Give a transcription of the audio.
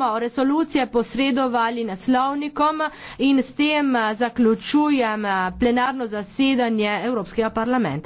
smo resolucije posredovali naslovnikom in s tem eh, zaključujem eh, plenarno zasedanje Evropskega parlamenta.